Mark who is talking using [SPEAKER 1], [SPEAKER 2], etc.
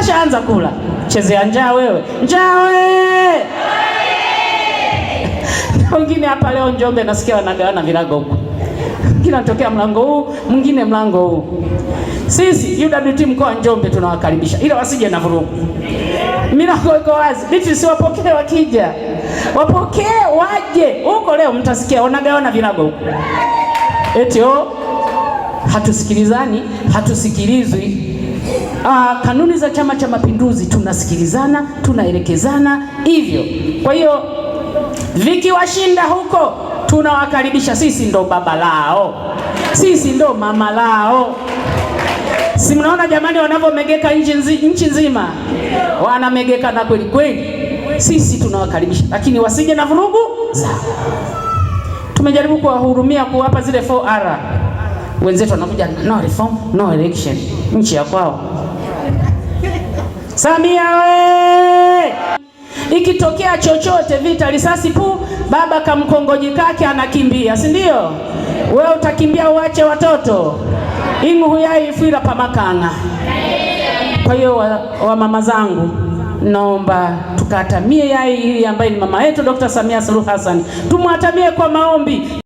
[SPEAKER 1] kashaanza kula. Chezea njaa wewe, njaa wewe. Wengine hapa leo Njombe nasikia wanagawana virago huko, wengine wanatokea mlango huu, mwingine mlango huu. Sisi UWT mkoa wa Njombe tunawakaribisha, ila wasije na vurugu. Milango iko wazi, biti siwapokee, wakija wapokee, waje huko. Leo mtasikia wanagawana virago huko, eti oh, hatusikilizani, hatusikilizwi uh, kanuni za Chama cha Mapinduzi tunasikilizana, tunaelekezana hivyo. Kwa hiyo vikiwashinda huko, tunawakaribisha sisi ndo baba lao, sisi ndo mama lao. Si mnaona jamani, wanavyomegeka nchi nzima, wanamegeka na kweli kweli. Sisi tunawakaribisha, lakini wasije na vurugu zao. Tumejaribu kuwahurumia, kuwapa zile 4R. Wenzetu wanakuja no reform no election, nchi ya kwao. Samia we! Ikitokea chochote, vita, risasi, pu, baba kamkongoji kake anakimbia, si ndio? We utakimbia uache watoto ifira pamakang'a. Kwa hiyo wa, wa mama zangu naomba tukatamie yai hili ambaye ni mama yetu Dr. Samia Suluhu Hassan, tumwatamie kwa maombi